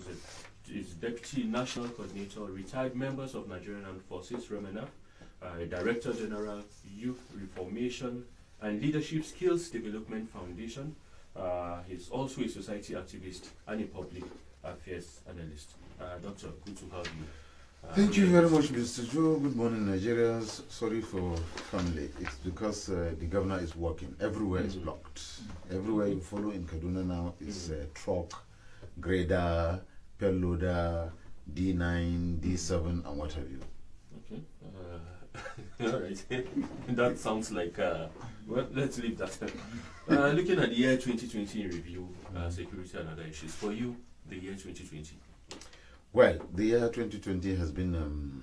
is, a, is Deputy National Coordinator, retired members of Nigerian Armed Forces, REMENA, uh, Director General, Youth Reformation and Leadership Skills Development Foundation. Uh, he's also a society activist and a public affairs analyst. Uh, Doctor, good to have you. Uh, Thank you very much, Mr. Joe. Good morning, Nigerians. Sorry for family. It's because uh, the governor is working. Everywhere mm -hmm. is blocked. Everywhere you follow in Kaduna now is mm -hmm. uh, truck, grader, loader, D9, D7, and what have you. Okay. Uh, all right. that sounds like, uh, well, let's leave that. uh, looking at the year 2020 in review, uh, mm-hmm. security and other issues, for you, the year 2020? Well, the year 2020 has been, um,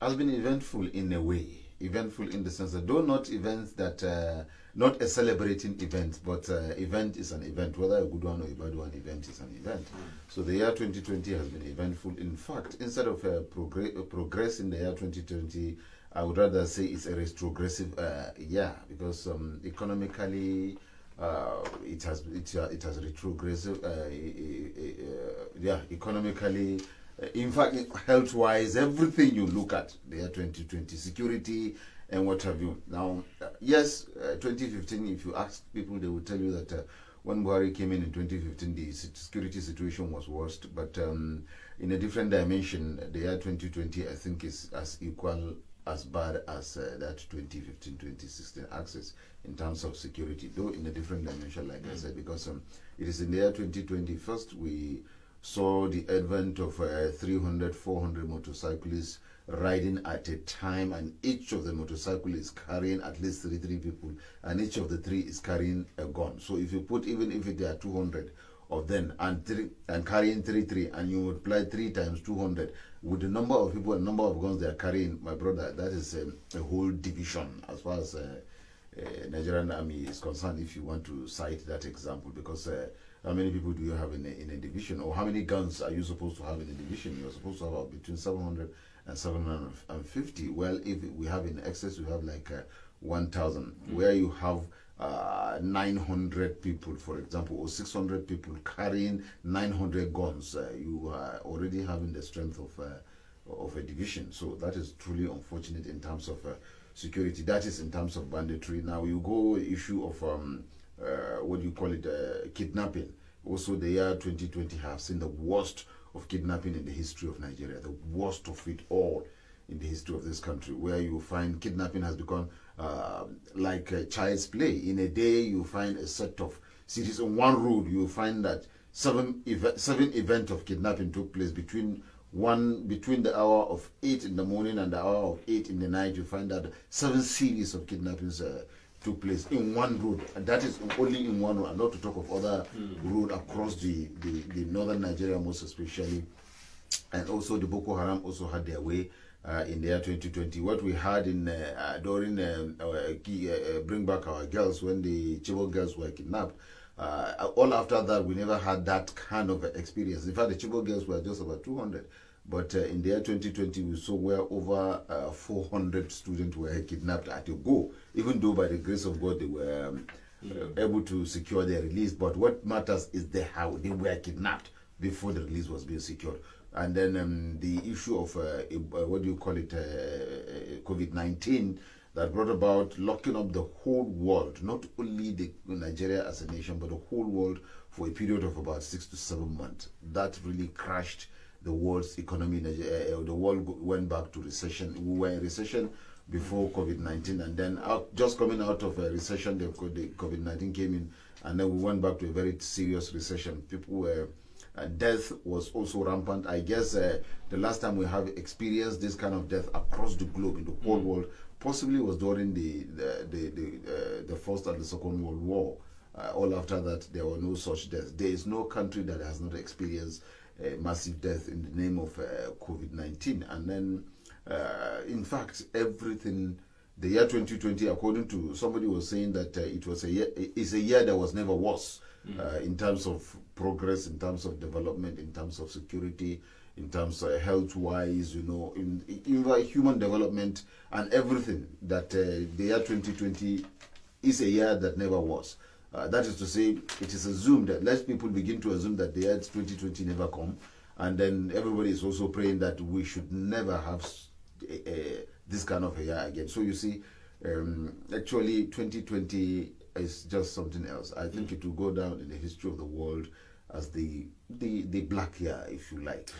has been eventful in a way eventful in the sense that though not events that uh, not a celebrating event, but uh, event is an event, whether a good one or a bad one, event is an event. Hmm. So the year 2020 has been eventful. In fact, instead of a uh, progr uh, progress in the year 2020, I would rather say it's a retrogressive uh, year because um, economically uh, it has it, it has retrogressive yeah economically uh, in fact, health wise, everything you look at, the year 2020, security and what have you. Now, uh, yes, uh, 2015, if you ask people, they will tell you that when Buhari came in in 2015, the security situation was worst, but um, in a different dimension, the year 2020, I think, is as equal as bad as uh, that 2015-2016 axis in terms of security, though in a different dimension, like mm -hmm. I said, because um, it is in the year 2020 first we saw the advent of uh, 300, 400 motorcyclists riding at a time, and each of the motorcycles is carrying at least three, three people, and each of the three is carrying a gun. So if you put, even if there are 200 of them, and three, and carrying three, three, and you multiply three times 200, with the number of people and number of guns they are carrying, my brother, that is um, a, whole division as far as uh, uh, Nigerian army is concerned. If you want to cite that example, because uh, how many people do you have in a, in a division or how many guns are you supposed to have in a division you're supposed to have between 700 and 750 well if we have in excess we have like uh, 1000 mm -hmm. where you have uh, 900 people for example or 600 people carrying 900 guns uh, you are already having the strength of uh, of a division so that is truly unfortunate in terms of uh, security that is in terms of banditry now you go issue of um, uh, what do you call it, uh, kidnapping. Also, the year 2020 have seen the worst of kidnapping in the history of Nigeria, the worst of it all in the history of this country, where you find kidnapping has become uh, like a child's play. In a day, you find a set of cities on one road. You find that seven ev seven event of kidnapping took place between one between the hour of eight in the morning and the hour of eight in the night. You find that seven series of kidnappings uh, took place in one road, and that is only in one road, not to talk of other mm. road across the, the, the, northern Nigeria, most especially. And also the Boko Haram also had their way uh, in the year 2020. What we had in uh, uh during uh, our, uh, uh, Bring Back Our Girls, when the Chibok girls were kidnapped, all after that, we never had that kind of experience. In fact, the Chibok girls were just about 200. But uh, in the year 2020, we saw where over uh, 400 students were kidnapped at a go, even though by the grace of God they were um, mm. able to secure their release. But what matters is the how they were kidnapped before the release was being secured. And then um, the issue of uh, uh what do you call it, uh, uh, COVID 19, that brought about locking up the whole world, not only the Nigeria as a nation, but the whole world for a period of about six to seven months. That really crashed the world's economy, uh, uh, the world went back to recession. We were in recession before COVID-19, and then out, just coming out of a recession, the, the COVID-19 came in, and then we went back to a very serious recession. People were, uh, death was also rampant. I guess uh, the last time we have experienced this kind of death across the globe in the whole mm. world, possibly was during the the the the, uh, the first and the second world war. Uh, all after that, there were no such deaths. There is no country that has not experienced massive death in the name of uh, COVID 19. And then, uh, in fact, everything the year 2020, according to somebody was saying that uh, it was a year, It's a year that was never worse mm. uh, in terms of progress, in terms of development, in terms of security, in terms of health-wise, you know, in, in human development and everything. That uh, the year 2020 is a year that never was. Uh, that is to say, it is assumed that let people begin to assume that the year 2020 never come, and then everybody is also praying that we should never have a, a, this kind of a year again. So you see, um, actually, 2020 is just something else. I think mm. it will go down in the history of the world as the the the black year, if you like.